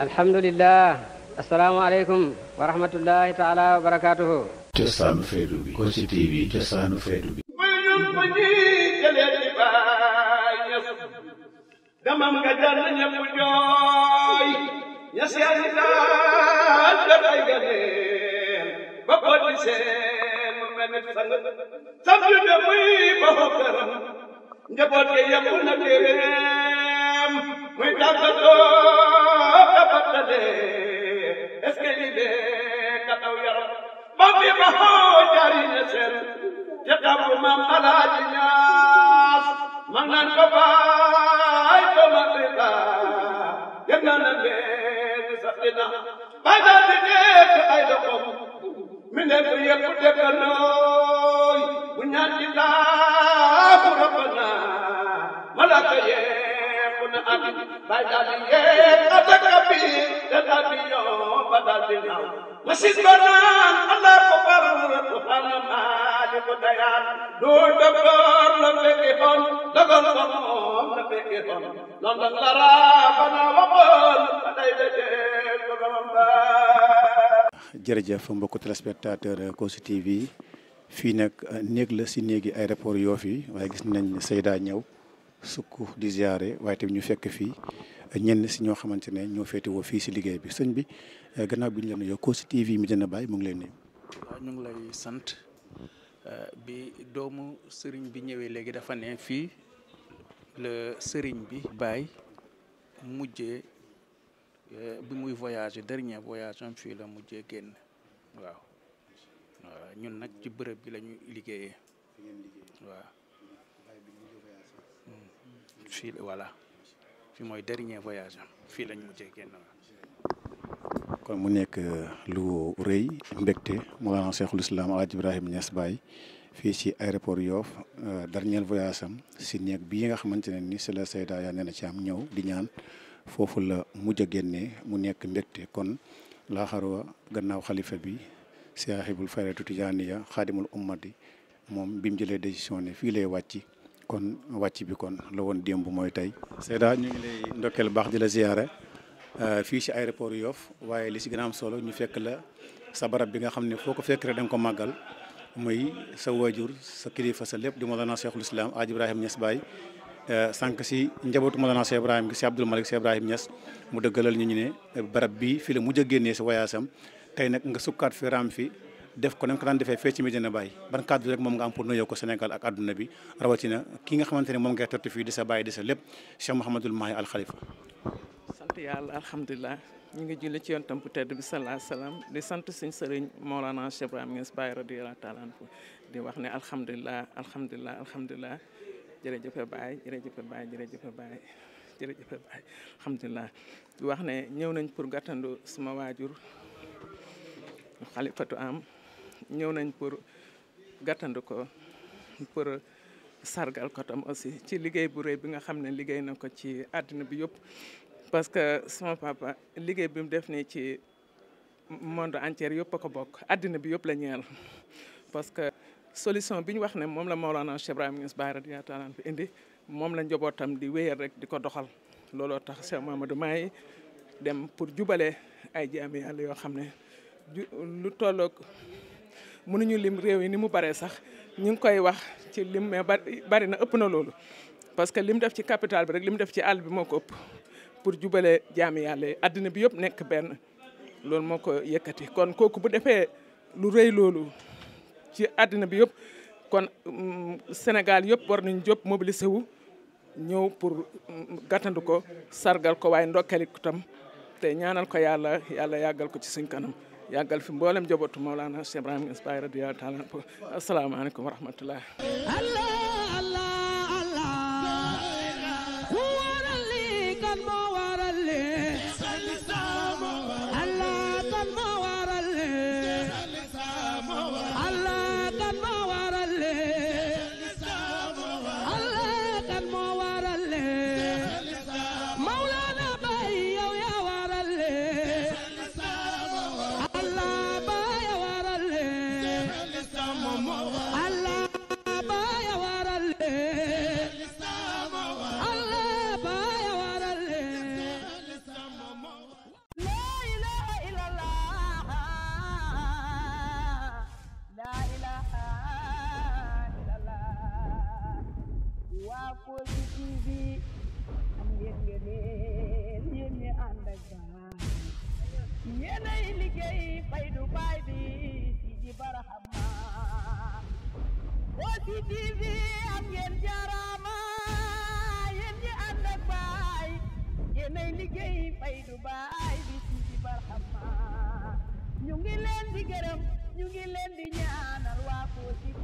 alhamdulillah asalaamaaleykum wa rahmatullahi taala wa barakaatuhu cosaanu feetu bi Kossy TV cosaanu feetu bi damam nga jar na ñëpp jooy ña seeni daal dafay ganeen ba boti seen mu mel ni sang sant de muy ba xokkaram njaboot ke yëpp na téeréem muy tàggatoo est ce que lii de ka taw yaram ba fi ba xoo jaari ne seen te tabu maam alaaji ñaas man naan ko baay ko ma bi ba yëg naa na leen sax dina bay daal di nekk ay doxom mi ne bu yëpp dëgganooy bu ñaan ci laabu rabbana malaka yeeku na ami bay daal di masit ba naan allah ko bar mu ne jërëjëf mbokku téléspectateur fii nag néeg la si néegi aéroport Yoff yi waaye gis nañ seydaa ñëw sukk di ziare waaye tamit ñu fekk fii ñenn si ñoo xamante ne ñoo féetewoo fii si liggéey bi sëñ bi eh, gannaaw bi ñu la nuyoo Kossy TV Medina Baye mu ngi leen nuyu. waaw ñu ngi lay sant eh, bi doomu sëriñ bi ñëwee léegi dafa ne fii le sëriñ bi Baye mujje eh, bi muy voyage dernier voyage am fii la mujje génn waaw waaw nag ci bërëb bi lañuy liggéeyee waaw. fii voilà fi mooy dernier voyage am fii lañ mujjee kon mu nekk euh, lu rëy mbégte Mawlana Cheikhul Islam El Hadj Ibrahima Niass Baye fii ci aéroport Yoff euh, dernier voyage am si néeg bii nga xamante ne ni c'est la yaa nee na ci am ñëw di ñaan foofu la mujj a mu nekk mbégte kon laaxarwa gannaaw xalifa bi saahibul fayratu tijaaniya xaadimul ummati moom bi mu jëlee décision ne fii lay wàcc kon wàcc bi kon la woon démb mooy tey Seyda ñu ngi lay ndokkeel baax di la ziyaare euh, fii ci aéroport Yoff waaye li si gën a am solo ñu fekk la sa barab bi nga xam ne foo ko fekk rek da nga ko màggal muy sa waajur sa kilifa sa lépp di Mawlana Cheikhul Islam Aj Ibrahima Niass baay euh, sànq si njabootu Mawlana Cheikh Ibrahima gi si Abdoul Malick Cheikh Ibrahima Niass mu dëggalal ñu ñu ne barab bi fii la mujj a génnee si wayaasam tey nag nga sukkaat fi raam fi def ko na ko daan defee fee ci Medina Baye ban kàddu rek moom nga am pour nuyoo ko Sénégal ak àdduna bi rawatina ki nga xamante ne moom ngay tertu fii di sa bàyyi di sa lépp Cheikh Mouhamadul Mahi Al Khalifa. sant yàlla alhamdulilah ñu ngi julli ci yontam bu tedd bi salaa salaam di sant suñu sëriñ Mawlana Cheikh Ibrahim Niass Baye radiyallahu taala anhu di wax ne alhamdulilah alhamdulilah alhamdulilah jërëjëf Baye jërëjëf Baye jërëjëf Baye jërëjëf Baye alhamdulilah di wax ne ñëw nañ pour gàttandu suma waajur ñëw nañ pour gàttandu ko pour sargal ko tam aussi ci liggéey bu rëy bi nga xam ne liggéey na ko ci àddina bi yëpp parce que sama papa liggéey bi mu def nii ci monde entier yëpp a ko bokk àddina bi yëpp la ñeel parce que solution bi wax ne moom la radiyallahu taala fi indi moom la njabootam di wéyal rek di ko doxal looloo tax Cheikh Mamadou dem pour jubale ay jaami yàlla yoo xam lu mënuñu lim réew yi ni mu baree sax ñu ngi koy wax ci lim mais bari na ëpp na loolu parce que lim def ci capital bi rek lim def ci àll bi moo ko ëpp pour jubale jaami yàlla yi àddina bi yëpp nekk benn loolu moo ko yëkkati kon kooku bu defee lu rëy loolu ci àddina bi yëpp kon mm, Sénégal yëpp war nañ jóg mobilisé wu ñëw pour mm, gàttandu ko sargal ko waaye ndokkeli te ñaanal ko yàlla yàlla yàggal ko ci suñ kanam yàggal fi mboolem jabootu Mawlana Cheikh Ibrahima Niass Baye radiyallahu taala asalaamaaleykum wa rahmatullah الله ما يوار اللي الله ما يوار اللي لا إله إلا الله لا إله إلا الله وقل تيفي yéenay liggéey fay du baay bi ci ji barahama Kossy TV am ngeen jaaraama yéen ñi ànd baay yéenay liggéey fay du baay bi ci barxama ñu ngi leen di gërëm ñu ngi leen di ñaanal waa Kossy TV